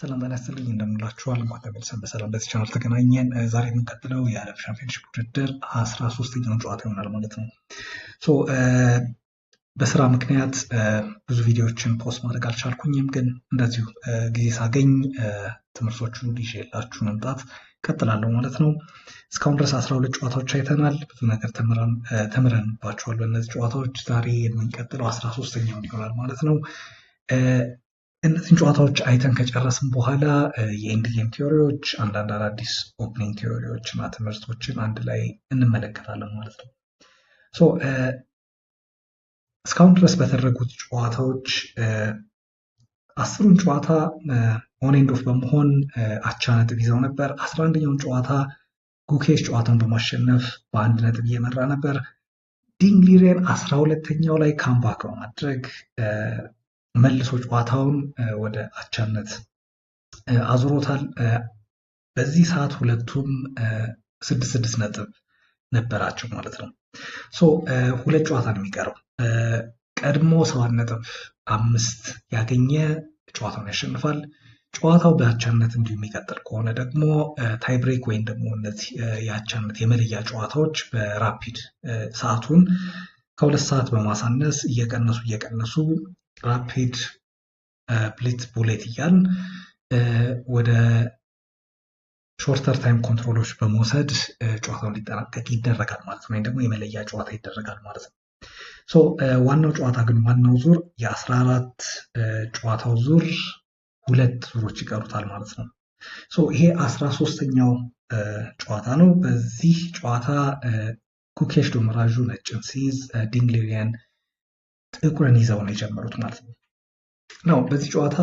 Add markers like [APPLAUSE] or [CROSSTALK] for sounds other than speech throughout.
ሰላም ጤና ይስጥልኝ እንደምንላችኋል ማታቤል ሰንበሰላም በዚህ ቻናል ተገናኘን። ዛሬ የምንቀጥለው የዓለም ሻምፒዮንሺፕ ውድድር አስራ ሶስተኛውን ጨዋታ ይሆናል ማለት ነው። በስራ ምክንያት ብዙ ቪዲዮዎችን ፖስት ማድረግ አልቻልኩኝም፣ ግን እንደዚሁ ጊዜ ሳገኝ ትምህርቶቹን ይዤላችሁ መምጣት ቀጥላለሁ ማለት ነው። እስካሁን ድረስ አስራ ሁለት ጨዋታዎች አይተናል። ብዙ ነገር ተምረንባቸዋል በእነዚህ ጨዋታዎች። ዛሬ የምንቀጥለው አስራ ሶስተኛውን ይሆናል ማለት ነው። እነዚህን ጨዋታዎች አይተን ከጨረስን በኋላ የኤንድ ቲዎሪዎች፣ አንዳንድ አዳዲስ ኦፕኒንግ ቲዎሪዎች እና ትምህርቶችን አንድ ላይ እንመለከታለን ማለት ነው። እስካሁን ድረስ በተደረጉት ጨዋታዎች አስሩን ጨዋታ ኦን ኦፍ በመሆን አቻ ነጥብ ይዘው ነበር። አስራ አንደኛውን ጨዋታ ጉኬሽ ጨዋታውን በማሸነፍ በአንድ ነጥብ እየመራ ነበር። ዲንግሊሬን አስራ ሁለተኛው ላይ ካምባክ በማድረግ መልሶ ጨዋታውን ወደ አቻነት አዙሮታል። በዚህ ሰዓት ሁለቱም ስድስት ስድስት ነጥብ ነበራቸው ማለት ነው። ሶ ሁለት ጨዋታ ነው የሚቀረው። ቀድሞ ሰባት ነጥብ አምስት ያገኘ ጨዋታውን ያሸንፋል። ጨዋታው በአቻነት እንዲሁ የሚቀጥል ከሆነ ደግሞ ታይብሬክ ወይም ደግሞ እነዚህ የአቻነት የመለያ ጨዋታዎች በራፒድ ሰዓቱን ከሁለት ሰዓት በማሳነስ እየቀነሱ እየቀነሱ ራፒድ ብሊት ቡሌት እያል ወደ ሾርተር ታይም ኮንትሮሎች በመውሰድ uh, ጨዋታው ሊጠናቀቅ ይደረጋል ማለት ነው። ወይም ደግሞ የመለያ ጨዋታ ይደረጋል ማለት ነው። uh, ዋናው ጨዋታ ግን ዋናው ዙር የ14 uh, ጨዋታው ዙር ሁለት ዙሮች ይቀሩታል ማለት ነው። ይሄ አስራ ሶስተኛው ጨዋታ ነው። በዚህ ጨዋታ ኩኬሽ ዶመራዡ ነጭን ሲይዝ ዲንግሊሪያን ጥቁርን ይዘው ነው የጀመሩት ማለት ነው ነው በዚህ ጨዋታ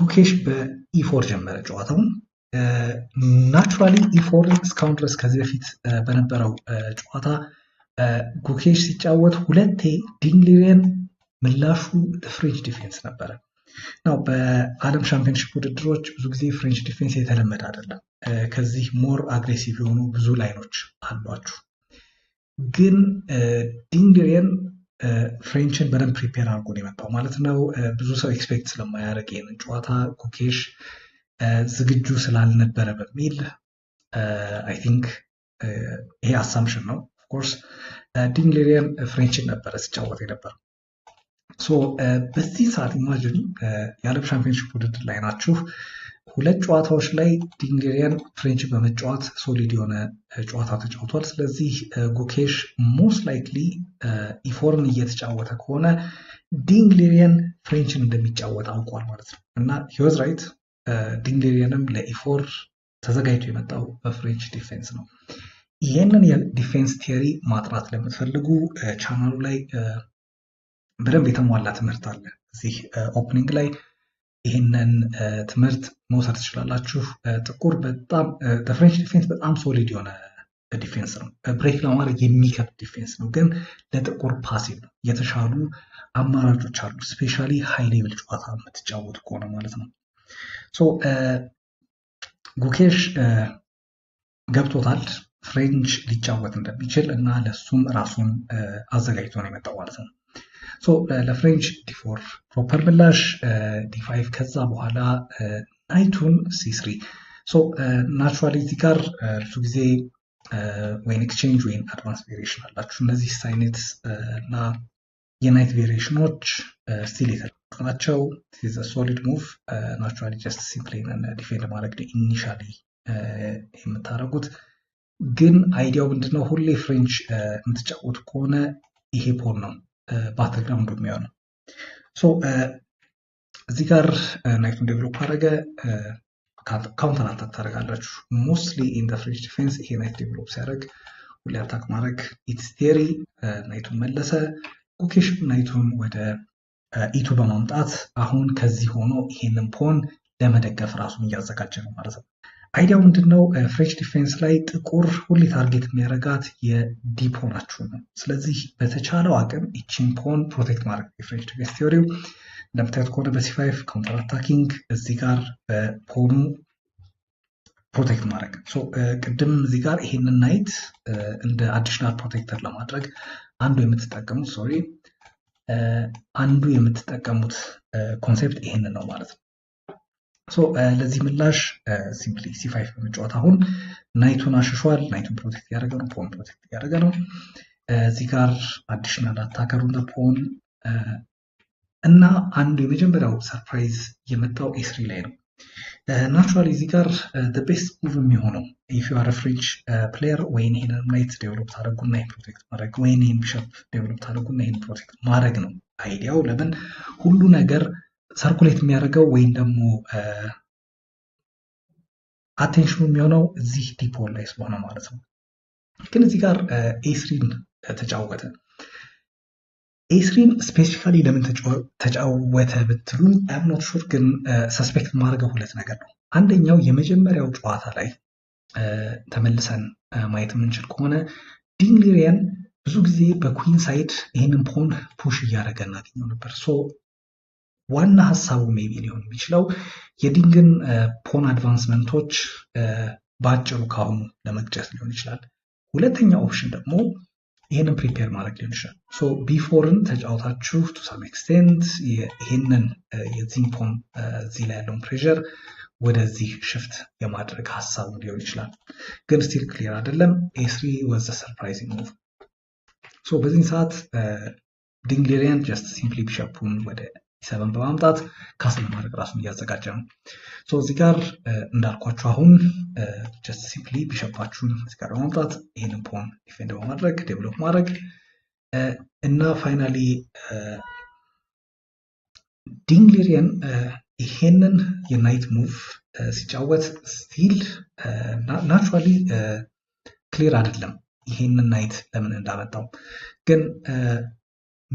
ጉኬሽ በኢፎር ጀመረ ጨዋታውን ናቹራሊ ኢፎር እስካሁን ድረስ ከዚህ በፊት በነበረው ጨዋታ ጉኬሽ ሲጫወት ሁለቴ ዲንግሊሬን ምላሹ ፍሬንች ዲፌንስ ነበረ ነው በአለም ሻምፒዮንሽፕ ውድድሮች ብዙ ጊዜ ፍሬንች ዲፌንስ የተለመደ አይደለም ከዚህ ሞር አግሬሲቭ የሆኑ ብዙ ላይኖች አሏችሁ ግን ዲንግሬን ፍሬንችን በደንብ ፕሪፔር አድርጎ ነው የመጣው ማለት ነው። ብዙ ሰው ኤክስፔክት ስለማያደርግ ይህንን ጨዋታ ኩኬሽ ዝግጁ ስላልነበረ በሚል አይ ቲንክ ይሄ አሳምሽን ነው። ኦፍኮርስ ዲንግሬን ፍሬንችን ነበረ ሲጫወት ሶ በዚህ ሰዓት ኢማጅን የዓለም ሻምፒዮንሽፕ ውድድር ላይ ናችሁ። ሁለት ጨዋታዎች ላይ ዲንግሪያን ፍሬንች በመጫወት ሶሊድ የሆነ ጨዋታ ተጫውቷል። ስለዚህ ጉኬሽ ሞስት ላይክሊ ኢፎርን እየተጫወተ ከሆነ ዲንግሊሪየን ፍሬንችን እንደሚጫወት አውቋል ማለት ነው እና ሂወዝ ራይት ዲንግሊሪየንም ለኢፎር ተዘጋጅቶ የመጣው በፍሬንች ዲፌንስ ነው። ይህንን የዲፌንስ ቲዮሪ ማጥራት ለምትፈልጉ ቻናሉ ላይ በደንብ የተሟላ ትምህርት አለ እዚህ ኦፕኒንግ ላይ ይህንን ትምህርት መውሰድ ትችላላችሁ። ጥቁር በጣም በፍሬንች ዲፌንስ በጣም ሶሊድ የሆነ ዲፌንስ ነው። ብሬክ ለማድረግ የሚከብድ ዲፌንስ ነው፣ ግን ለጥቁር ፓሲቭ ነው። የተሻሉ አማራጮች አሉ፣ ስፔሻሊ ሃይ ሌቭል ጨዋታ የምትጫወቱ ከሆነ ማለት ነው። ጉኬሽ ገብቶታል ፍሬንች ሊጫወት እንደሚችል እና ለሱም ራሱን አዘጋጅቶ ነው የመጣው ማለት ነው። ለፍሬንች ዲፎር ፕሮፐር ምላሽ ዲፋይቭ ከዛ በኋላ ናይቱን ሲስሪ ናቹራሊ ጋር ብዙ ጊዜ ወይን ኤክስቼንጅ ወይም አድቫንስ ቬሪሽን አላችሁ። እነዚህ ሳይኔት እና የናይት ቬሪሽኖች ስቲል የተለቀ ሶሊድ ሙቭ ናቹራሊ ጀስት ሲምፕሌን ዲፌንድ ማድረግ ኢኒሻሊ የምታደርጉት ግን አይዲያው ምንድነው? ሁሌ ፍሬንች የምትጫወቱ ከሆነ ይሄ ፖን ነው። ባትልግራውንዱ የሚሆነው። እዚህ ጋር ናይቱን ዴቨሎፕ አደረገ ካውንተር አታክ ታደረጋላችሁ። ሞስትሊ ኢን ዘ ፍሬንች ዲፌንስ ይሄ ናይት ዴቨሎፕ ሲያደረግ ሁሌ አታክ ማድረግ ኢትስ ቴሪ ናይቱን መለሰ። ኩኪሽ ናይቱን ወደ ኢቱ በማምጣት አሁን ከዚህ ሆኖ ይሄንን ፖን ለመደገፍ ራሱን እያዘጋጀ ነው ማለት ነው። አይዲያው ምንድነው? ፍሬንች ዲፌንስ ላይ ጥቁር ሁሌ ታርጌት የሚያደርጋት የዲፖ ናችሁ ነው። ስለዚህ በተቻለው አቅም ይችን ፖን ፕሮቴክት ማድረግ የፍሬንች ዲፌንስ ቲዮሪው እንደምታዩት ከሆነ በሲ ፋይቭ ካውንተር አታኪንግ እዚህ ጋር በፖኑ ፕሮቴክት ማድረግ ቅድም እዚህ ጋር ይሄንን ናይት እንደ አዲሽናል ፕሮቴክተር ለማድረግ አንዱ የምትጠቀሙት ሶሪ አንዱ የምትጠቀሙት ኮንሴፕት ይሄንን ነው ማለት ነው። ለዚህ ምላሽ ሲምፕሊ ሲፋይፍ በመጫወት አሁን ናይቱን አሽሿል። ናይቱን ፕሮቴክት እያደረገ ነው። ፖን ፕሮቴክት እያደረገ ነው። እዚህ ጋር አዲሽናል አታከሩን ፖን እና አንዱ የመጀመሪያው ሰርፕራይዝ የመጣው ኤስሪ ላይ ነው። ናቹራሊ እዚህ ጋር ቤስት ሙቭ የሚሆነው ኢፍ ዩ አር ፍሪጅ ፕሌየር ወይን ይሄንን ናይት ዴቨሎፕ ታደረጉና ይህን ፕሮቴክት ማድረግ ወይን ይህን ቢሸፕ ዴቨሎፕ ታደረጉና ይህን ፕሮቴክት ማድረግ ነው አይዲያው። ለምን ሁሉ ነገር ሰርኩሌት የሚያደርገው ወይም ደግሞ አቴንሽኑ የሚሆነው እዚህ ዲፖል ላይ ስለሆነ ማለት ነው። ግን እዚህ ጋር ኤስሪን ተጫወተ። ኤስሪን ስፔሲፊካሊ ለምን ተጫወተ ብትሉኝ አምኖት ሹር፣ ግን ሰስፔክት ማድረገው ሁለት ነገር ነው። አንደኛው የመጀመሪያው ጨዋታ ላይ ተመልሰን ማየት የምንችል ከሆነ ዲንግሊሪያን ብዙ ጊዜ በኩዊን ሳይድ ይህንን ፖን ፑሽ እያደረገ እናገኘው ነበር። ሶ ዋና ሀሳቡ ሜቢ ሊሆን የሚችለው የዲንግን ፖን አድቫንስመንቶች በአጭሩ ከአሁኑ ለመቅጨት ሊሆን ይችላል። ሁለተኛ ኦፕሽን ደግሞ ይህንን ፕሪፔር ማድረግ ሊሆን ይችላል። ሶ ቢፎርን ተጫውታችሁ ቱ ሳም ኤክስቴንት ይህንን የዚህን ፖን እዚህ ላይ ያለውን ፕሬር ወደዚህ ሽፍት የማድረግ ሀሳቡ ሊሆን ይችላል። ግን ስቲል ክሊር አይደለም። ኤስሪ ወዘ ሰርፕራይዚንግ ሙቭ። ሶ በዚህን ሰዓት ዲንግሊሪያን ጀስት ሲምፕሊ ቢሸፑን ወደ ሰብን በማምጣት ካሳ ለማድረግ ራሱን እያዘጋጀ ነው። እዚህ ጋር እንዳልኳችሁ አሁን ጀስት ሲምፕሊ ቢሸባችሁን እዚህ ጋር በማምጣት ይህንን ፖን ዲፌንድ በማድረግ ዴቨሎፕ ማድረግ እና ፋይናሊ ዲንግሊሪየን ይሄንን የናይት ሙቭ ሲጫወት ስቲል ናቹራሊ ክሊር አይደለም። ይሄንን ናይት ለምን እንዳመጣው ግን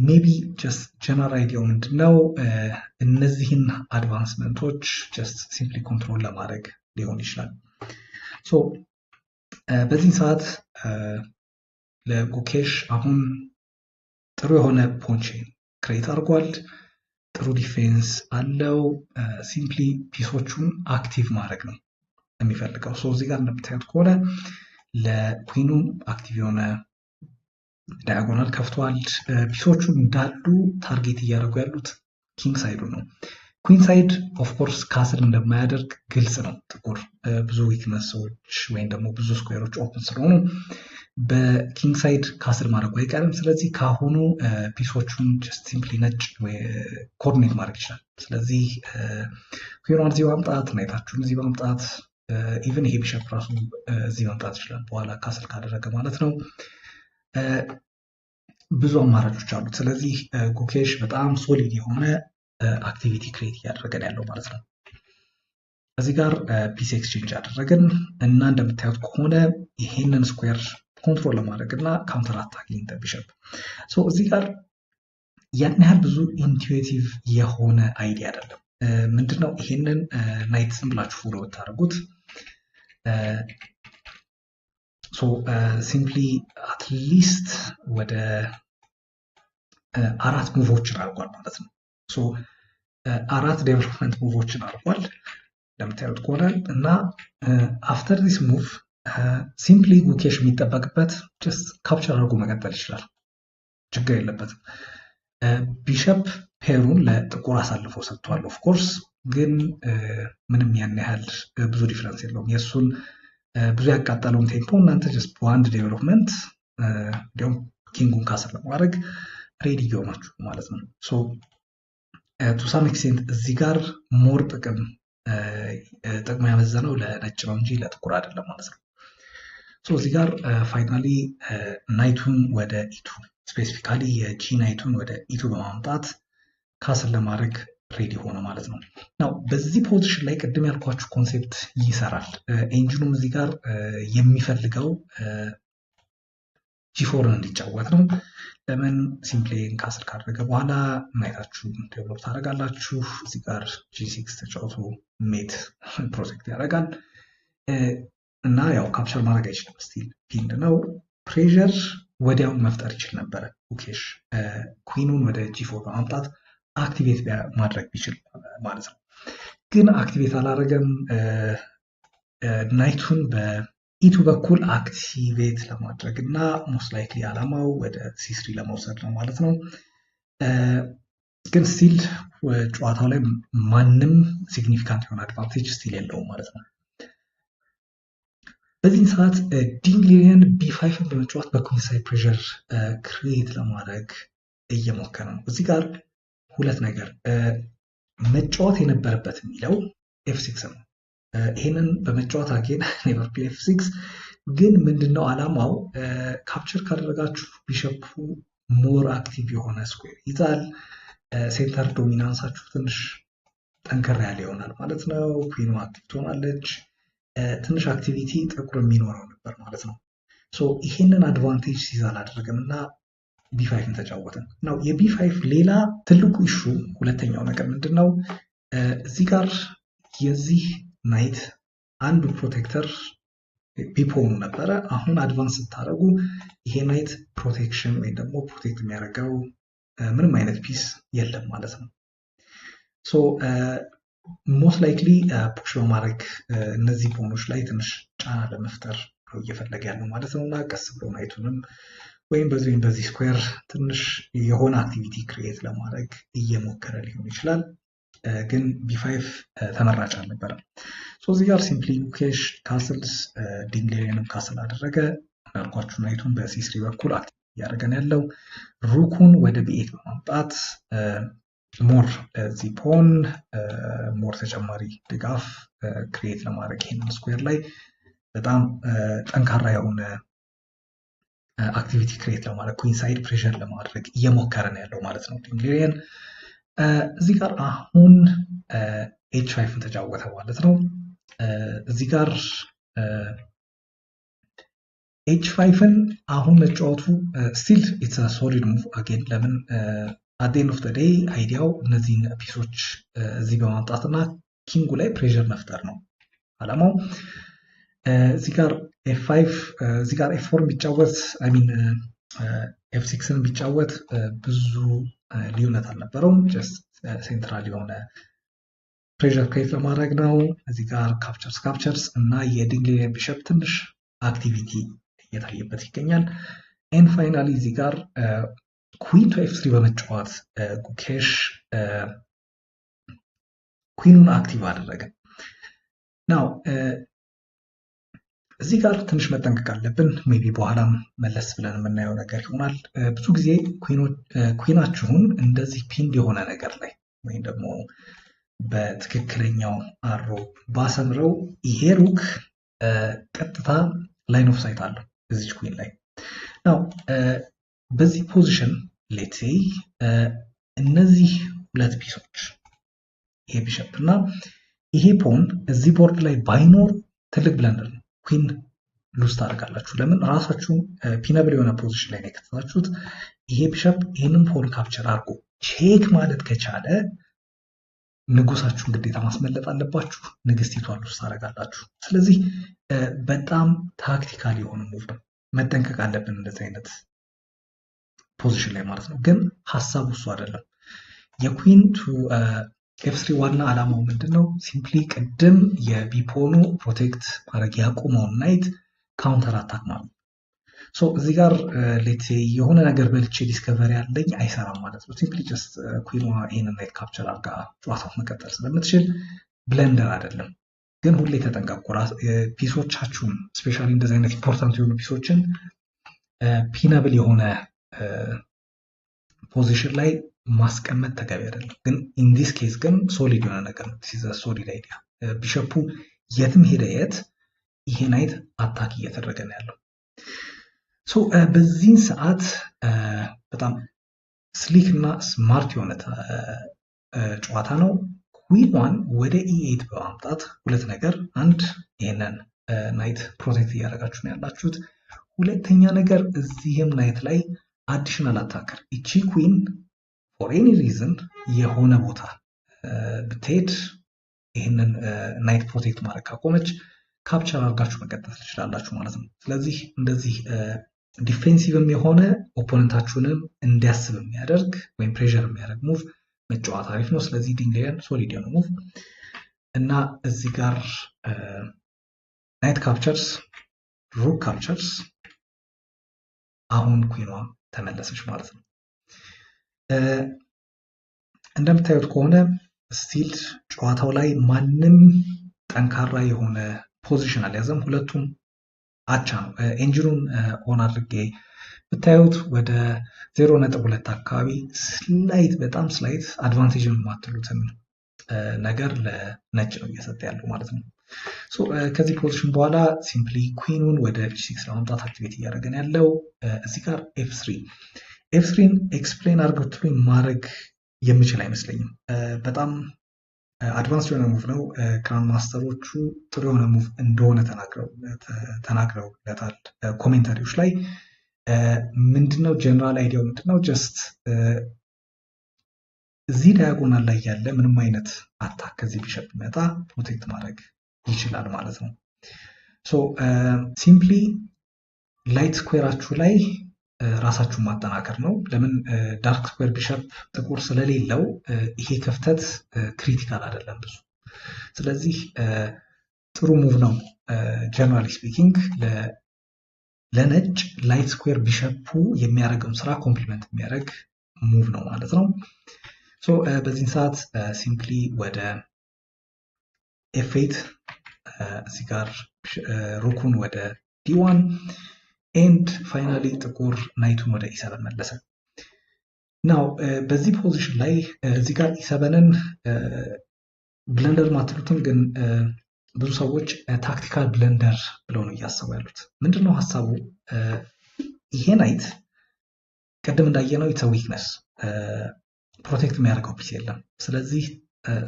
ሜቢ ጀስት ጀነራል አይዲያው ምንድን ነው እነዚህን አድቫንስመንቶች ጀስት ሲምፕሊ ኮንትሮል ለማድረግ ሊሆን ይችላል። ሶ በዚህን ሰዓት ለጉኬሽ አሁን ጥሩ የሆነ ፖንቼን ክሬት አድርጓል። ጥሩ ዲፌንስ አለው። ሲምፕሊ ፒሶቹን አክቲቭ ማድረግ ነው የሚፈልገው። እዚህ ጋር እንደምታዩት ከሆነ ለኩኑም አክቲቭ የሆነ ዳያጎናል ከፍተዋል። ፒሶቹ እንዳሉ ታርጌት እያደረጉ ያሉት ኪንግ ሳይዱ ነው። ኩዊን ሳይድ ኦፍኮርስ ካስል እንደማያደርግ ግልጽ ነው። ጥቁር ብዙ ዊክነሶች ወይም ደግሞ ብዙ ስኩዌሮች ኦፕን ስለሆኑ በኪንግ ሳይድ ካስል ማድረጉ አይቀርም። ስለዚህ ከአሁኑ ፒሶቹን ሲምፕሊ ነጭ ኮርዲኔት ማድረግ ይችላል። ስለዚህ ኩዊኗን እዚህ ማምጣት፣ ናይታችሁን እዚህ ማምጣት፣ ኢቨን ይሄ ቢሸፕ ራሱ እዚህ ማምጣት ይችላል። በኋላ ካስል ካደረገ ማለት ነው። ብዙ አማራጮች አሉት። ስለዚህ ኩኬሽ በጣም ሶሊድ የሆነ አክቲቪቲ ክሬት እያደረገን ያለው ማለት ነው። እዚህ ጋር ፒስ ኤክስቼንጅ ያደረግን እና እንደምታዩት ከሆነ ይሄንን ስኩዌር ኮንትሮል ለማድረግ እና ካውንተር አታኪንግ ቢሸፕ እዚህ ጋር ያን ያህል ብዙ ኢንቱዌቲቭ የሆነ አይዲያ አይደለም። ምንድነው ይሄንን ናይት ዝም ብላችሁ ፎሎ ብታደርጉት ሲምፕሊ አትሊስት ወደ አራት ሙቮችን አድርጓል ማለት ነው። አራት ዴቨሎፕመንት ሙቮችን አድርጓል እንደምታዩት ከሆነ እና አፍተር ዲስ ሙቭ ሲምፕሊ ጉኬሽ የሚጠበቅበት ጀስት ካፕቸር አድርጎ መቀጠል ይችላል። ችግር የለበትም። ቢሸፕ ፔሩን ለጥቁር አሳልፎ ሰጥቷል። ኦፍኮርስ ግን ምንም ያን ያህል ብዙ ዲፍረንስ የለውም የእሱን ብዙ ያቃጠለውን ቴምፖ እናንተ ጀስት በአንድ ዴቨሎፕመንት እንዲሁም ኪንጉን ካስር ለማድረግ ሬዲ እየሆናችሁ ማለት ነው። ሶ ቱ ሳም ኤክስቴንት እዚህ ጋር ሞር ጥቅም ጥቅሙ ነው ለነጭ ነው እንጂ ለጥቁር አይደለም ማለት ነው። ሶ እዚህ ጋር ፋይናሊ ናይቱን ወደ ኢቱ e ስፔሲፊካሊ የጂ ናይቱን ወደ ኢቱ e በማምጣት ካስር ለማድረግ ሬዲ ሆነ ማለት ነው። ናው በዚህ ፖዚሽን ላይ ቅድም ያልኳችሁ ኮንሴፕት ይሰራል። ኤንጂኑም እዚህ ጋር uh, የሚፈልገው ጂፎርን uh, እንዲጫወት ነው። ለምን ሲምፕሌን ካስል ካደረገ በኋላ ማየታችሁ ዴቨሎፕ ታደርጋላችሁ። እዚህ ጋር ጂሲክስ ተጫውቶ ሜት ፕሮጀክት ያደርጋል uh, እና ያው ካፕቸር ማድረግ አይችልም። ስቲል ፒንድ ነው። ፕሬዠር ወዲያውን መፍጠር ይችል ነበረ። ኦኬሽ ኩዊኑን ወደ ጂፎር በማምጣት አክቲቬት ማድረግ ቢችል ማለት ነው። ግን አክቲቬት አላረገም። ናይቱን በኢቱ በኩል አክቲቬት ለማድረግ እና ሞስት ላይክሊ አላማው ወደ ሲስሪ ለመውሰድ ነው ማለት ነው። ግን ስቲል ጨዋታው ላይ ማንም ሲግኒፊካንት የሆነ አድቫንቴጅ ስቲል የለውም ማለት ነው። በዚህን ሰዓት ዲንግሊን ቢ በመጫወት በኮንሳይ ፕሬር ክሬት ለማድረግ እየሞከረ ነው። እዚህ ጋር ሁለት ነገር መጫወት የነበረበት የሚለው ኤፍ ሲክስ ነው። ይህንን በመጫወት አጌን [LAUGHS] ሊቨርፑል ኤፍ ሲክስ ግን ምንድነው አላማው ካፕቸር ካደረጋችሁ ቢሸፑ ሞር አክቲቭ የሆነ ስኩዌር ይዛል። ሴንተር ዶሚናንሳችሁ ትንሽ ጠንከር ያለ ይሆናል ማለት ነው። ኩኑ አክቲቭ ትሆናለች። ትንሽ አክቲቪቲ ጥቁር የሚኖረው ነበር ማለት ነው። ይህንን አድቫንቴጅ ሲዝ አላደረገም እና ቢ 5 ተጫወትን ነው። የቢ5 ሌላ ትልቁ ኢሹ ሁለተኛው ነገር ምንድን ነው? እዚህ ጋር የዚህ ናይት አንዱ ፕሮቴክተር ቢፖኑ ነበረ። አሁን አድቫንስ ስታደረጉ ይሄ ናይት ፕሮቴክሽን ወይም ደግሞ ፕሮቴክት የሚያደርገው ምንም አይነት ፒስ የለም ማለት ነው። ሶ ሞስት ላይክሊ ፑሽ በማድረግ እነዚህ ፖኖች ላይ ትንሽ ጫና ለመፍጠር ነው እየፈለገ ያለው ማለት ነው እና ቀስ ብሎ ናይቱንም ወይም በዚህ ወይም በዚህ ስኩዌር ትንሽ የሆነ አክቲቪቲ ክሬት ለማድረግ እየሞከረ ሊሆን ይችላል። ግን ቢ5 ተመራጭ አልነበረም። ሶ እዚህ ጋር ሲምፕሊ ኬሽ ካስልስ ዲንግሌንም ካስል አደረገ። እንዳልኳችሁ ናይቱን በሲስሪ በኩል አክቲቭ እያደረገን ያለው ሩኩን ወደ ቢኤት በማምጣት ሞር እዚህ ፖን ሞር ተጨማሪ ድጋፍ ክሬት ለማድረግ ይሄንን ስኩዌር ላይ በጣም ጠንካራ የሆነ አክቲቪቲ uh, ክሬት ለማድረግ ኮንሳይድ ፕሬሸር ለማድረግ እየሞከረ ነው ያለው ማለት ነው። ቲምሊሪየን uh, እዚህ ጋር አሁን ኤች uh, ፋይቭን ተጫወተ ማለት ነው። እዚህ ጋር ኤች ፋይቭን አሁን መጫወቱ ስቲል ኢትስ ሶሊድ ሙቭ አጌን ለምን አዴን ኦፍ ደይ አይዲያው እነዚህን ፒሶች እዚህ በማምጣትና ኪንጉ ላይ ፕሬር መፍጠር ነው አላማው። እዚህ ጋር ኤፍ ፋይቭ እዚህ ጋር ኤፍ ፎር ቢጫወት ሚን ኤፍ ሲክስን ቢጫወት ብዙ ልዩነት አልነበረውም። ሴንትራል የሆነ ፕሬር ክሬት ለማድረግ ነው። እዚህ ጋር ካፕቸርስ ካፕቸርስ እና የድንግሊን ቢሸፕ ትንሽ አክቲቪቲ እየታየበት ይገኛል። ኤን ፋይናሊ እዚህ ጋር ኩዊን ቱ ኤፍ ስሪ በመጫወት ጉኬሽ ኩዊኑን አክቲቭ አደረገ ናው እዚህ ጋር ትንሽ መጠንቀቅ አለብን። ሜቢ በኋላም መለስ ብለን የምናየው ነገር ይሆናል። ብዙ ጊዜ ኩናችሁን እንደዚህ ፒንድ የሆነ ነገር ላይ ወይም ደግሞ በትክክለኛው አሮ ባሰምረው ይሄ ሩክ ቀጥታ ላይን ኦፍ ሳይት አለው እዚች ኩን ላይ ናው። በዚህ ፖዚሽን ሌት እነዚህ ሁለት ፒሶች ይሄ ቢሸፕ እና ይሄ ፖን እዚህ ቦርድ ላይ ባይኖር ትልቅ ብለንደር ኩን ሉዝ ታደርጋላችሁ። ለምን ራሳችሁ ፒነብል የሆነ ፖዚሽን ላይ ነው የከተታችሁት። ይሄ ቢሸፕ ይህንም ፎን ካፕቸር አድርጎ ቼክ ማለት ከቻለ ንጉሳችሁን ግዴታ ማስመለጥ አለባችሁ። ንግስቲቷን ሉዝ ታደርጋላችሁ። ስለዚህ በጣም ታክቲካል የሆነ ሙቭ ነው። መጠንቀቅ አለብን እንደዚህ አይነት ፖዚሽን ላይ ማለት ነው። ግን ሀሳቡ እሱ አይደለም። የኩዊን ቱ ኤፍስሪ ዋና ዓላማው ምንድን ነው? ሲምፕሊ ቅድም የቢፖኑ ፕሮቴክት ማድረግ ያቁመውን ናይት ካውንተር አታክ ማለት ነው። እዚህ ጋር ሌት የሆነ ነገር በልቼ ዲስከቨሪ ያለኝ አይሰራም ማለት ነው። ሲምፕሊ ጀስት ኩዊኗ ይህን ናይት ካፕቸር አርጋ ጨዋታውን መቀጠል ስለምትችል ብለንደር አይደለም። ግን ሁሌ ተጠንቀቁ። ፒሶቻችሁን ስፔሻሊ እንደዚህ አይነት ኢምፖርታንት የሆኑ ፒሶችን ፒነብል የሆነ ፖዚሽን ላይ ማስቀመጥ ተገቢ አይደለም። ግን ኢንዲስ ኬዝ ግን ሶሊድ የሆነ ነገር ነው። ሲዘ ሶሊድ አይዲያ ቢሸፑ የትም ሄደ የት ይሄ ናይት አታክ እየተደረገ ነው ያለው። ሶ uh, በዚህን ሰዓት uh, በጣም ስሊክ እና ስማርት የሆነ uh, ጨዋታ ነው። ዊን ወደ ኢኤት e በማምጣት ሁለት ነገር፣ አንድ ይህንን ናይት ፕሮቴክት እያደረጋችሁ ነው ያላችሁት። ሁለተኛ ነገር እዚህም ናይት ላይ አዲሽናል አታከር እቺ ኩዊን ፎር ኤኒ ሪዝን የሆነ ቦታ ብትሄድ ይህንን ናይት ፕሮቴክት ማድረግ ካቆመች ካፕቸር አድርጋችሁ መቀጠል ትችላላችሁ ማለት ነው። ስለዚህ እንደዚህ ዲፌንሲቭም የሆነ ኦፖነንታችሁንም እንዲያስብ የሚያደርግ ወይም ፕሬር የሚያደርግ ሙቭ መጫወት አሪፍ ነው። ስለዚህ ዲንግሊያን ሶሊድ የሆነ ሙቭ እና እዚህ ጋር ናይት ካፕቸርስ፣ ሩክ ካፕቸርስ አሁን ኩኗ ተመለሰች ማለት ነው። እንደምታዩት ከሆነ ስቲል ጨዋታው ላይ ማንም ጠንካራ የሆነ ፖዚሽን አልያዘም። ሁለቱም አቻ ነው። ኤንጂኑን ኦን አድርጌ ብታዩት ወደ ዜሮ ነጥብ ሁለት አካባቢ ስላይት በጣም ስላይት አድቫንቴጅ የማትሉትን ነገር ለነጭ ነው እየሰጠ ያለው ማለት ነው። ከዚህ ፖዚሽን በኋላ ሲምፕሊ ኩኑን ወደ ኤች ሲክስ ለማምጣት አክቲቬት እያደረገን ያለው እዚህ ጋር ኤፍ ስሪ ኤፍሪን ኤክስፕሌን አድርገውልኝ ማድረግ የምችል አይመስለኝም። በጣም አድቫንስ የሆነ ሙቭ ነው። ግራንድ ማስተሮቹ ጥሩ የሆነ ሙቭ እንደሆነ ተናግረውለታል ኮሜንታሪዎች ላይ። ምንድነው ጀነራል አይዲያው ምንድነው? ጀስት እዚህ ዳያጎናል ላይ ያለ ምንም አይነት አታ ከዚህ ቢሸፕ ቢመጣ ፕሮቴክት ማድረግ ይችላል ማለት ነው። ሶ ሲምፕሊ ላይት ስኩዌራችሁ ላይ ራሳችሁን ማጠናከር ነው። ለምን ዳርክ ስኩዌር ቢሸፕ ጥቁር ስለሌለው ይሄ ክፍተት ክሪቲካል አይደለም ብዙ። ስለዚህ ጥሩ ሙቭ ነው። ጀነራሊ ስፒኪንግ ለነጭ ላይት ስኩዌር ቢሸፑ የሚያደርገውን ስራ ኮምፕሊመንት የሚያደርግ ሙቭ ነው ማለት ነው። በዚህን ሰዓት ሲምፕሊ ወደ ኤፌት እዚህ ጋር ሩኩን ወደ ዲዋን ኤንድ ፋይናሊ ጥቁር ናይቱን ወደ ኢሰበን መለሰ። ናው eh, በዚህ ፖዚሽን ላይ eh, እዚህ ጋር ኢሰበንን eh, ብለንደር ማትሉትም ግን ብዙ ሰዎች ታክቲካል ብለንደር ብለው ነው እያሰቡ ያሉት። ምንድነው ሀሳቡ? ይሄ ናይት ቅድም እንዳየነው ኢትስ ዊክነስ ፕሮቴክት የሚያደርገው ፒስ የለም። ስለዚህ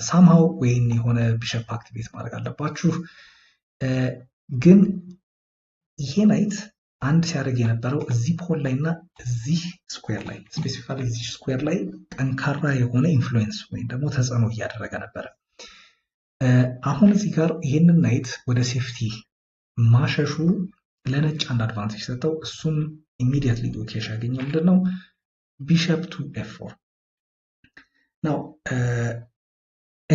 ሳምሃው ወይን የሆነ ቢሸፕ አክቲቬት ማድረግ አለባችሁ። ግን ይሄ ናይት አንድ ሲያደርግ የነበረው እዚህ ፖል ላይ እና እዚህ ስኩዌር ላይ ስፔሲፊካሊ እዚህ ስኩዌር ላይ ጠንካራ የሆነ ኢንፍሉዌንስ ወይም ደግሞ ተጽዕኖ እያደረገ ነበረ። አሁን እዚህ ጋር ይህንን ናይት ወደ ሴፍቲ ማሸሹ ለነጭ አንድ አድቫንቴጅ ሰጠው። እሱም ኢሚዲየትሊ ኬሽ ያገኘው ምንድን ነው ቢሸፕ ቱ ኤፍ ፎር ነው።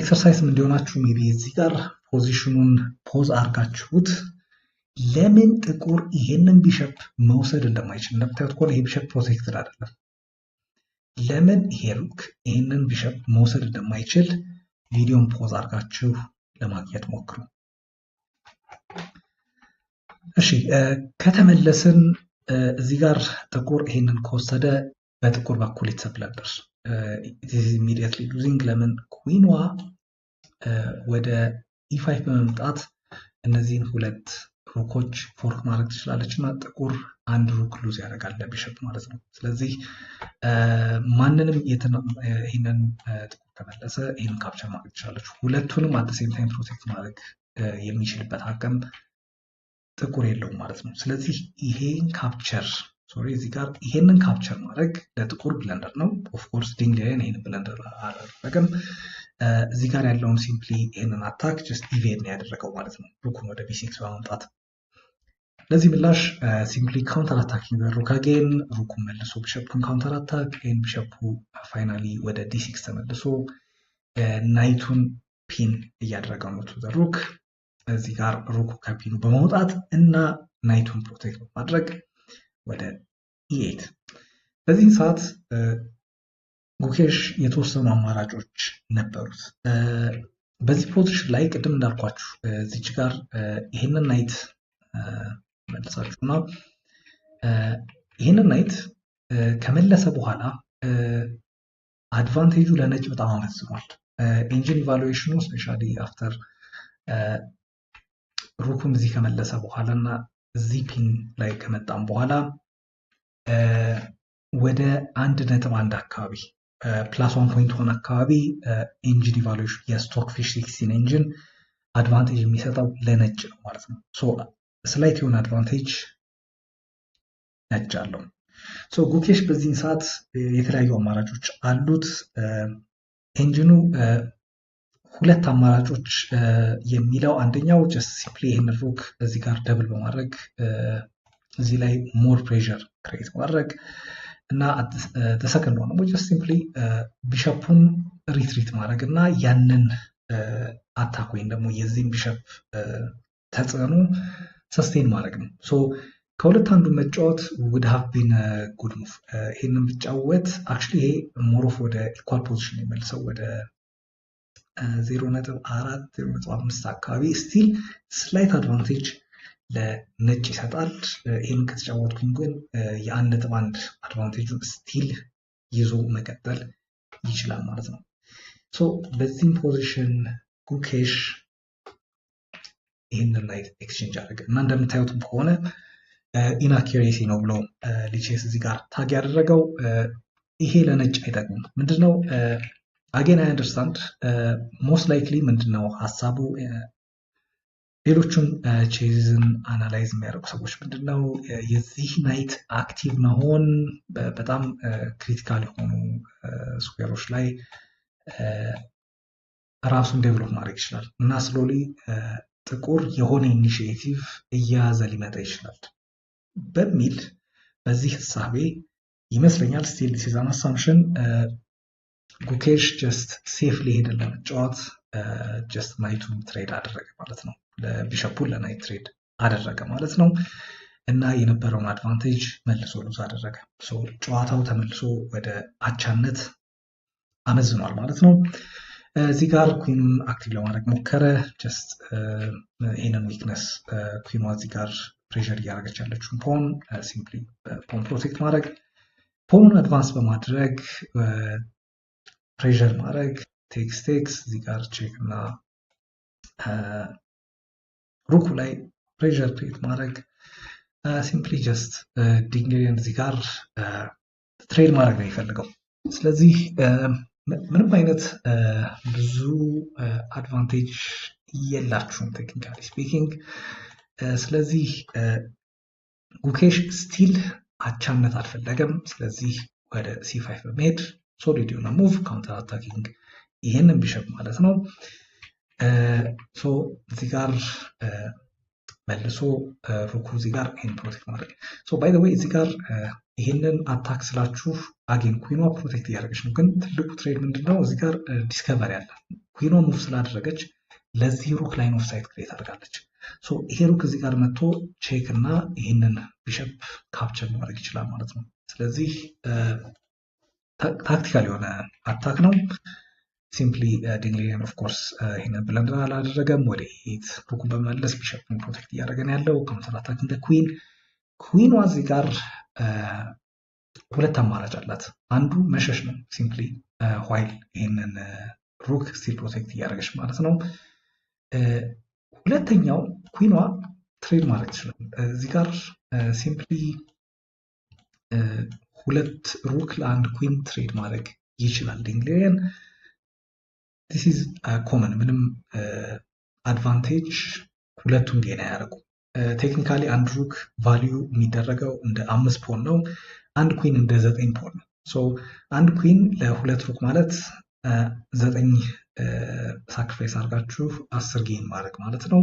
ኤክሰርሳይዝም እንዲሆናችሁ ቢ እዚህ ጋር ፖዚሽኑን ፖዝ አድርጋችሁት ለምን ጥቁር ይሄንን ቢሸፕ መውሰድ እንደማይችል እንደምታዩት ከሆነ ይሄ ቢሸፕ ፕሮቴክትድ አይደለም። ለምን ይሄ ሩክ ይሄንን ቢሸፕ መውሰድ እንደማይችል ቪዲዮን ፖዝ አድርጋችሁ ለማግኘት ሞክሩ። እሺ ከተመለስን እዚህ ጋር ጥቁር ይሄንን ከወሰደ በጥቁር በኩል የተሰብለበር ኢሚዲየትሊ ሉዚንግ ለምን ኩዊንዋ ወደ ኢ5 e በመምጣት እነዚህን ሁለት ሩኮች ፎርክ ማድረግ ትችላለች እና ጥቁር አንድ ሩክ ሉዝ ያደርጋል ለቢሸፕ ማለት ነው። ስለዚህ ማንንም ይህንን ጥቁር ከመለሰ ይህን ካፕቸር ማድረግ ትችላለች። ሁለቱንም አት ሴም ታይም ፕሮቴክት ማድረግ የሚችልበት አቅም ጥቁር የለውም ማለት ነው። ስለዚህ ይሄን ካፕቸር ሶሪ እዚህ ጋር ይሄንን ካፕቸር ማድረግ ለጥቁር ብለንደር ነው። ኦፍኮርስ ድንጋይን ይህን ብለንደር አላደረገም። እዚህ ጋር ያለውን ሲምፕሊ ይህንን አታክ ጀስት ኢቬድ ነው ያደረገው ማለት ነው። ሩኩን ወደ ቢሴክስ 6 በማምጣት ለዚህ ምላሽ ሲምፕሊ ካውንተር አታክ ይበሩካጌን ሩኩን መልሶ ቢሸፑን ካውንተር አታክ ኤን ቢሸፑ ፋይናሊ ወደ ዲሲክስ ተመልሶ ናይቱን ፒን እያደረገው ነው ቱዘ ሩክ። እዚህ ጋር ሩኩ ከፒኑ በመውጣት እና ናይቱን ፕሮቴክት በማድረግ ወደ ኢኤት በዚህን ሰዓት ጉኬሽ የተወሰኑ አማራጮች ነበሩት። በዚህ ፖዚሽን ላይ ቅድም እንዳልኳችሁ እዚች ጋር ይሄንን ናይት ትመልሳችሁ እና ይህንን ናይት ከመለሰ በኋላ አድቫንቴጁ ለነጭ በጣም አመዝኗል። ኢንጂን ኢቫሉዌሽኑ ስፔሻሊ አፍተር ሩኩን እዚህ ከመለሰ በኋላ እና ዚፒን ላይ ከመጣም በኋላ ወደ አንድ ነጥብ አንድ አካባቢ ፕላስ ዋን ፖይንት ሆን አካባቢ ኢንጂን ኢቫሉዌሽን ፊሽ ሲክስቲን ኢንጂን አድቫንቴጅ የሚሰጠው ለነጭ ነው ማለት ነው። ስላይት የሆነ አድቫንቴጅ ነጭ አለው። ጉኬሽ በዚህን ሰዓት የተለያዩ አማራጮች አሉት። ኢንጂኑ ሁለት አማራጮች የሚለው አንደኛው ሲምፕሊ ይህን ሮክ እዚህ ጋር ደብል በማድረግ እዚህ ላይ ሞር ፕሬር ክሬት ማድረግ እና ተሰከንድ ሆነ ደግሞ ሲምፕሊ ቢሸፑን ሪትሪት ማድረግ እና ያንን አታክ ወይም ደግሞ የዚህን ቢሸፕ ተጽዕኖ ሰስቴን ማድረግ ነው። ከሁለት አንዱ መጫወት ውድ ሀፍ ቢን ጉድ ሙቭ። ይሄን ብጫወት አክቹዋሊ ይሄ ሞሮፍ ወደ ኢኳል ፖዚሽን የመልሰው ወደ ዜሮ uh, ነጥብ አራት ዜሮ ነጥብ አምስት አካባቢ ስቲል ስላይት አድቫንቴጅ ለነጭ ይሰጣል። uh, ይህን ከተጫወትኩኝ ግን uh, የአንድ ነጥብ አንድ አድቫንቴጁን ስቲል ይዞ መቀጠል ይችላል ማለት ነው። በዚህም ፖዚሽን ጉኬሽ ይህንን ላይ ኤክስቼንጅ አደረገ እና እንደምታዩትም ከሆነ ኢናኪሬሲ ነው ብሎ ሊቼስ እዚህ ጋር ታግ ያደረገው ይሄ ለነጭ አይጠቅሙም። ምንድነው አጌን አይ አንደርስታንድ ሞስት ላይክሊ ምንድነው ሀሳቡ ሌሎቹን ቼዝን አናላይዝ የሚያደርጉ ሰዎች ምንድነው የዚህ ናይት አክቲቭ መሆን በጣም ክሪቲካል የሆኑ ስኩዌሮች ላይ ራሱን ዴቨሎፕ ማድረግ ይችላል እና ስሎሊ ጥቁር የሆነ ኢኒሼቲቭ እየያዘ ሊመጣ ይችላል በሚል በዚህ ህሳቤ ይመስለኛል ስቲል ዲስ ኢዝ አን አሳምፕሽን ጉኬሽ ጀስት ሴፍ ሄደን ለመጫወት ጀስት ናይቱን ትሬድ አደረገ ማለት ነው። ለቢሸፑን ለናይት ትሬድ አደረገ ማለት ነው እና የነበረውን አድቫንቴጅ መልሶ ሉዝ አደረገ። ጨዋታው ተመልሶ ወደ አቻነት አመዝኗል ማለት ነው። እዚህ ጋር ኩኑን አክቲቭ ለማድረግ ሞከረ። ጀስት ይህንን ዊክነስ ኩኗ እዚህ ጋር ፕሬር እያደረገች ያለችውን ፖን ሲምፕሊ ፖን ፕሮቴክት ማድረግ፣ ፖኑን አድቫንስ በማድረግ ፕሬር ማድረግ፣ ቴክስ ቴክስ እዚህ ጋር ቼክ እና ሩኩ ላይ ፕሬር ክሬት ማድረግ ሲምፕሊ ጀስት ዲንግሪን እዚህ ጋር ትሬድ ማድረግ ነው የሚፈልገው። ስለዚህ ምንም አይነት ብዙ አድቫንቴጅ የላችሁም ቴክኒካሊ ስፒኪንግ። ስለዚህ ጉኬሽ ስቲል አቻነት አልፈለገም። ስለዚህ ወደ ሲ5 በመሄድ ሶሊድ የሆነ ሙቭ ካውንተር አታኪንግ ይህንን ቢሸፕ ማለት ነው። እዚህ ጋር መልሶ ሩኩ እዚህ ጋር ይህን ፕሮቴክት ማድረግ ባይ ወይ እዚህ ጋር ይህንን አታክ ስላችሁ አጌን ኩኖ ፕሮቴክት እያደረገች ነው። ግን ትልቁ ትሬድ ምንድነው? እዚህ ጋር ዲስከቨር ያለ ኩኖ ሙቭ ስላደረገች ለዚህ ሩክ ላይን ኦፍ ሳይት ክሬት አድርጋለች። ይሄ ሩክ እዚህ ጋር መጥቶ ቼክ እና ይህንን ቢሸፕ ካፕቸር ማድረግ ይችላል ማለት ነው። ስለዚህ ታክቲካል የሆነ አታክ ነው። ሲምፕሊ ዲንግሊን ኦፍ ኮርስ ይሄንን ብለን አላደረገም። ወደ ኤት ሩኩን በመለስ ቢሸፑን ፕሮቴክት እያደረገን ያለው ካውንተር አታኪንግ ደ ኩዊን ኩዊን ዋዚ ጋር uh, ሁለት አማራጭ አላት። አንዱ መሸሽ ነው። ሲምፕሊ ዋይል ይህንን ሩክ ስቲል ፕሮቴክት እያደረገች ማለት ነው። uh, ሁለተኛው ኩዊኗ ትሬድ ማድረግ ይችላል። uh, እዚህ ጋር ሲምፕሊ ሁለት ሩክ ለአንድ ኩዊን ትሬድ ማድረግ ይችላል ዲንግሊን ዲስ ኢዝ ኮመን ምንም አድቫንቴጅ uh, ሁለቱም ጌና አያደርጉ። ቴክኒካሊ uh, አንድ ሩክ ቫሊዩ የሚደረገው እንደ አምስት ፖን ነው። አንድ ኩን እንደ ዘጠኝ ፖን ነው። ሶ አንድ ኩን ለሁለት ሩክ ማለት uh, ዘጠኝ ሳክሪፋይስ አድርጋችሁ አስር ጌም ማድረግ ማለት ነው።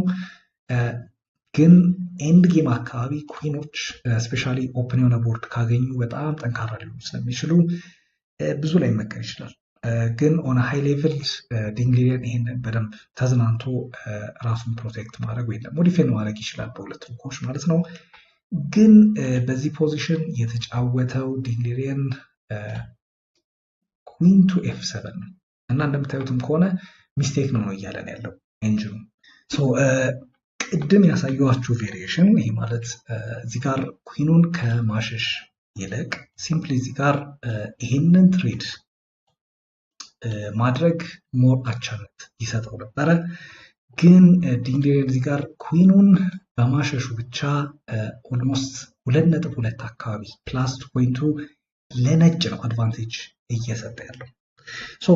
ግን ኤንድ ጌም አካባቢ ኩኖች ስፔሻሊ ኦፕን የሆነ ቦርድ ካገኙ በጣም ጠንካራ ሊሆኑ ስለሚችሉ ብዙ ላይ መቀር ይችላል። ግን ኦን ሃይ ሌቭል ዲንግሊን ይሄን በደንብ ተዝናንቶ uh, ራሱን ፕሮቴክት ማድረግ ወይም ደግሞ ዲፌንድ ማድረግ ይችላል በሁለት ልኮች ማለት ነው። ግን uh, በዚህ ፖዚሽን የተጫወተው ዲንግሊን ኩዊን ቱ ኤፍ ሰቨን ነው እና እንደምታዩትም ከሆነ ሚስቴክ ነው ነው እያለን ያለው ኤንጂኑ uh, ቅድም ያሳየኋችሁ ቬሪዬሽን ይሄ ማለት እዚህ ጋር ኩዊኑን ከማሸሽ ይልቅ ሲምፕሊ እዚህ ጋር ይሄንን ትሬድ ማድረግ ሞር አቻነት ይሰጠው ነበረ። ግን ዲንግሌር እዚህ ጋር ኩዊኑን በማሸሹ ብቻ ኦልሞስት ሁለት ነጥብ ሁለት አካባቢ ፕላስ ፖይንቱ ለነጭ ነው አድቫንቴጅ እየሰጠ ያለው። ሶ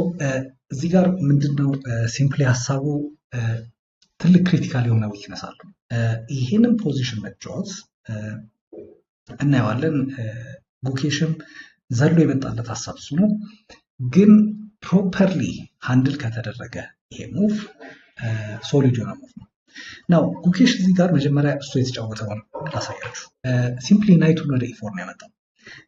እዚህ ጋር ምንድነው ሲምፕሊ ሀሳቡ ትልቅ ክሪቲካል የሆነ ዊክነስ አለው። ይህንን ፖዚሽን መጫወት እናየዋለን። ጉኬሽም ዘሎ የመጣለት ሀሳብ እሱ ነው ግን ፕሮፐርሊ ሃንድል ከተደረገ ይሄ ሙቭ ሶሊድ የሆነ ሙቭ ነው። ናው ጉኬሽ እዚህ ጋር መጀመሪያ እሱ የተጫወተውን ላሳያችሁ። ሲምፕሊ ናይቱን ወደ ኢፎር e ነው ያመጣው።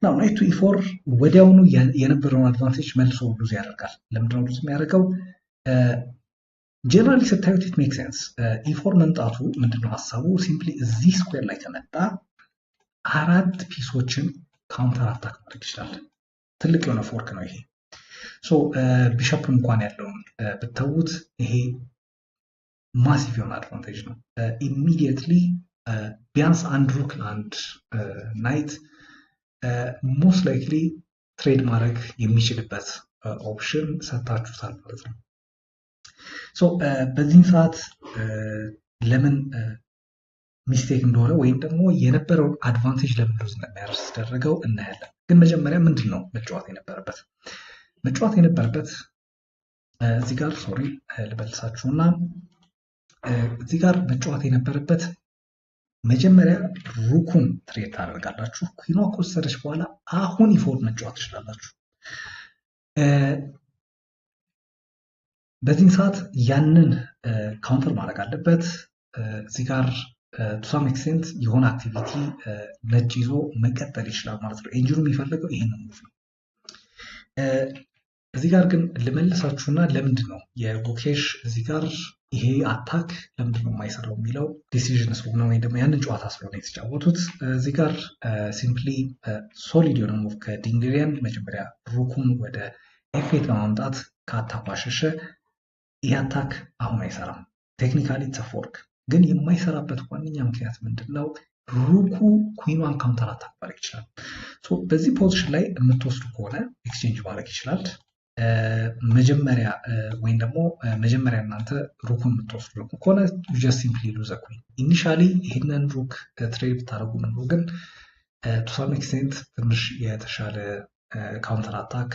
ናው ናይቱ ኢፎር ወዲያውኑ የነበረውን አድቫንቴጅ መልሶ ሉዝ ያደርጋል። ለምንድነው ሉዝ የሚያደርገው? ጀነራሊ ስታዩት ኢት ሜክ ሴንስ። ኢፎር መምጣቱ ምንድነው ሀሳቡ? ሲምፕሊ እዚህ ስኩዌር ላይ ከመጣ አራት ፒሶችን ካውንተር አታክ ማድረግ ይችላል። ትልቅ የሆነ ፎርክ ነው ይሄ ቢሻፕ እንኳን ያለውን ብተዉት ይሄ ማሲቭ የሆነ አድቫንቴጅ ነው። ኢሚዲየትሊ ቢያንስ አንድ ሩክ ለአንድ ናይት ሞስት ላይክሊ ትሬድ ማድረግ የሚችልበት ኦፕሽን ሰታችሁታል ማለት ነው። ሶ በዚህም ሰዓት ለምን ሚስቴክ እንደሆነ ወይም ደግሞ የነበረውን አድቫንቴጅ ለምን ነው የሚያደርስ ደረገው እናያለን። ግን መጀመሪያ ምንድን ነው መጫወት የነበረበት? መጫወት የነበረበት እዚህ ጋር ሶሪ እና እዚህ ጋር መጫወት የነበረበት መጀመሪያ ሩኩን ትሬድ ታደርጋላችሁ። ኩዊኗ ከወሰደች በኋላ አሁን ኢፎር መጫወት ትችላላችሁ። በዚህን ሰዓት ያንን ካውንተር ማድረግ አለበት። እዚህ ጋር ቱሳም ኤክስቴንት የሆነ አክቲቪቲ ነጭ ይዞ መቀጠል ይችላል ማለት ነው። ኤንጂኑ የሚፈልገው ይህንን ሙቭ ነው። እዚህ ጋር ግን ልመልሳችሁና ለምንድን ነው የጎኬሽ እዚህ ጋር ይሄ አታክ ለምንድን ነው የማይሰራው የሚለው ዲሲዥን ስለሆነ ወይም ደግሞ ያንን ጨዋታ ስለሆነ የተጫወቱት። እዚህ ጋር ሲምፕሊ ሶሊድ የሆነ ሙቭ ከዲንግሪያን መጀመሪያ ሩኩን ወደ ኤፌት በማምጣት ከአታኩ አሸሸ። ይህ አታክ አሁን አይሰራም። ቴክኒካሊ ተፎርክ ግን የማይሰራበት ዋነኛ ምክንያት ምንድን ነው? ሩኩ ኩዊኗን ካውንተር አታክ ማድረግ ይችላል። በዚህ ፖዚሽን ላይ የምትወስዱ ከሆነ ኤክስቼንጅ ማድረግ ይችላል። መጀመሪያ ወይም ደግሞ መጀመሪያ እናንተ ሩኩን የምትወስዱ ከሆነ ጀስት ሲምፕሊ ሉዝ ኩን ኢኒሻሊ ይህንን ሩክ ትሬድ ብታደረጉ ኖሮ ግን ቱሳም ኤክስቴንት ትንሽ የተሻለ ካውንተር አታክ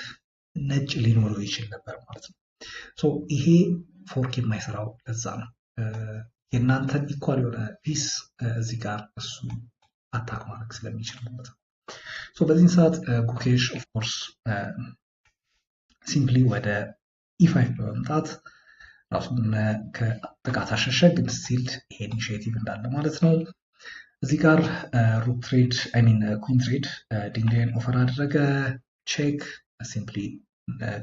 ነጭ ሊኖረው ይችል ነበር ማለት ነው። ይሄ ፎርክ የማይሰራው ለዛ ነው። የእናንተን ኢኳል የሆነ ፒስ እዚ ጋር እሱ አታክ ማድረግ ስለሚችል ማለት ነው። በዚህን ሰዓት ጉኬሽ ኦፍኮርስ ሲምፕሊ ወደ ኢፋ e በመምጣት ራሱን ከጥቃት ግን ስቲል ይሄ ኢኒሽቲቭ እንዳለ ማለት ነው። እዚህ ጋር ሩክ ትሬድ ሚን ኩን ትሬድ ኦፈር አደረገ። ቼክ ሲምፕሊ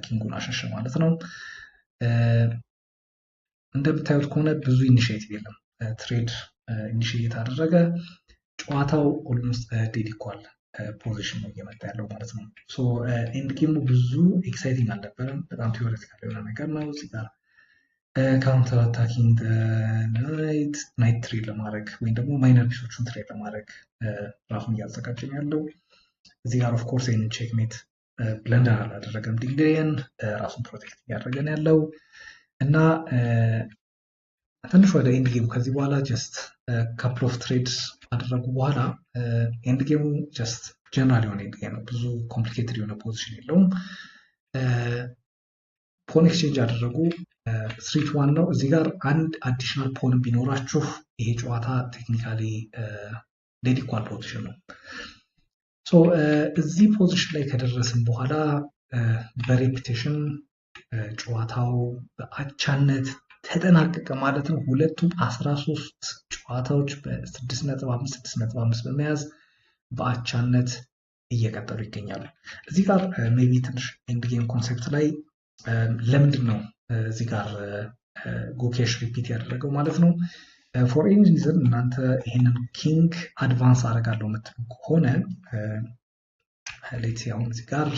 ኪንጉን አሸሸ ማለት ነው። uh, እንደምታዩት ከሆነ ብዙ ኢኒሽቲቭ የለም። ትሬድ uh, ኢኒሽቲቭ uh, አደረገ። ጨዋታው ኦልሞስት ዴድ ይኳል ፖዚሽን ነው እየመጣ ያለው ማለት ነው። ኤንድ ጌሙ ብዙ ኤክሳይቲንግ አልነበረም። በጣም ቲዎሬቲካል የሆነ ነገር ነው። እዚህ ጋር ካውንተር አታኪንግ ናይት ናይት ትሬድ ለማድረግ ወይም ደግሞ ማይነር ፒሶቹን ትሬድ ለማድረግ ራሱን እያዘጋጀኝ ያለው እዚህ ጋር ኦፍኮርስ ይህንን ቼክሜት ብለንደር አላደረገም። ዲግሪየን ራሱን ፕሮቴክት እያደረገን ያለው እና ትንሽ ወደ ኤንድ ጌሙ ከዚህ በኋላ ጀስት ካፕል ኦፍ ትሬድስ ካደረጉ በኋላ ኤንድ ጌሙ ጀስት ጀነራል የሆነ ኤንድ ጌም ነው። ብዙ ኮምፕሊኬትድ የሆነ ፖዚሽን የለውም። ፖን uh, ኤክስቼንጅ ያደረጉ ስትሪት uh, ዋን ነው። እዚህ ጋር አንድ አዲሽናል ፖን ቢኖራችሁ ይሄ ጨዋታ ቴክኒካሊ ዴድ ኢኳል ፖዚሽን ነው። uh, እዚህ ፖዚሽን ላይ ከደረስን በኋላ በሬፒቴሽን ጨዋታው በአቻነት ተጠናቀቀ ማለት ነው። ሁለቱም 13 ጨዋታዎች በ6.5 6 በመያዝ በአቻነት እየቀጠሉ ይገኛሉ። እዚህ ጋር ሜቢ ትንሽ ኤንድጌም ኮንሴፕት ላይ ለምንድን ነው እዚህ ጋር ጎኬሽ ሪፒት ያደረገው ማለት ነው። ፎር ኤኒ ሪዝን እናንተ ይህንን ኪንግ አድቫንስ አደርጋለሁ የምትሉ ከሆነ ሌት አሁን እዚህ ጋር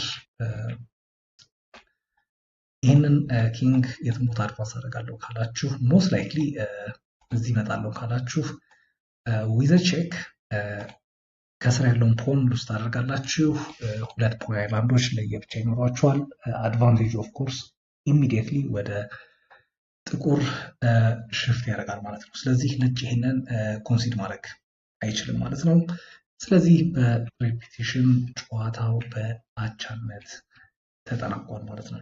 ይህንን ኪንግ የትም ቦታ አድቫንስ አደርጋለሁ ካላችሁ ሞስት ላይክሊ እዚህ እመጣለሁ ካላችሁ ዊዘ ቼክ ከስር ያለውን ፖን ውስጥ አደርጋላችሁ። ሁለት ፖ አይላንዶች ለየብቻ ይኖሯችኋል። አድቫንቴጅ ኦፍ ኮርስ ኢሚዲየትሊ ወደ ጥቁር ሽፍት ያደርጋል ማለት ነው። ስለዚህ ነጭ ይህንን ኮንሲድ ማድረግ አይችልም ማለት ነው። ስለዚህ በሬፒቴሽን ጨዋታው በአቻነት ተጠናቋል ማለት ነው።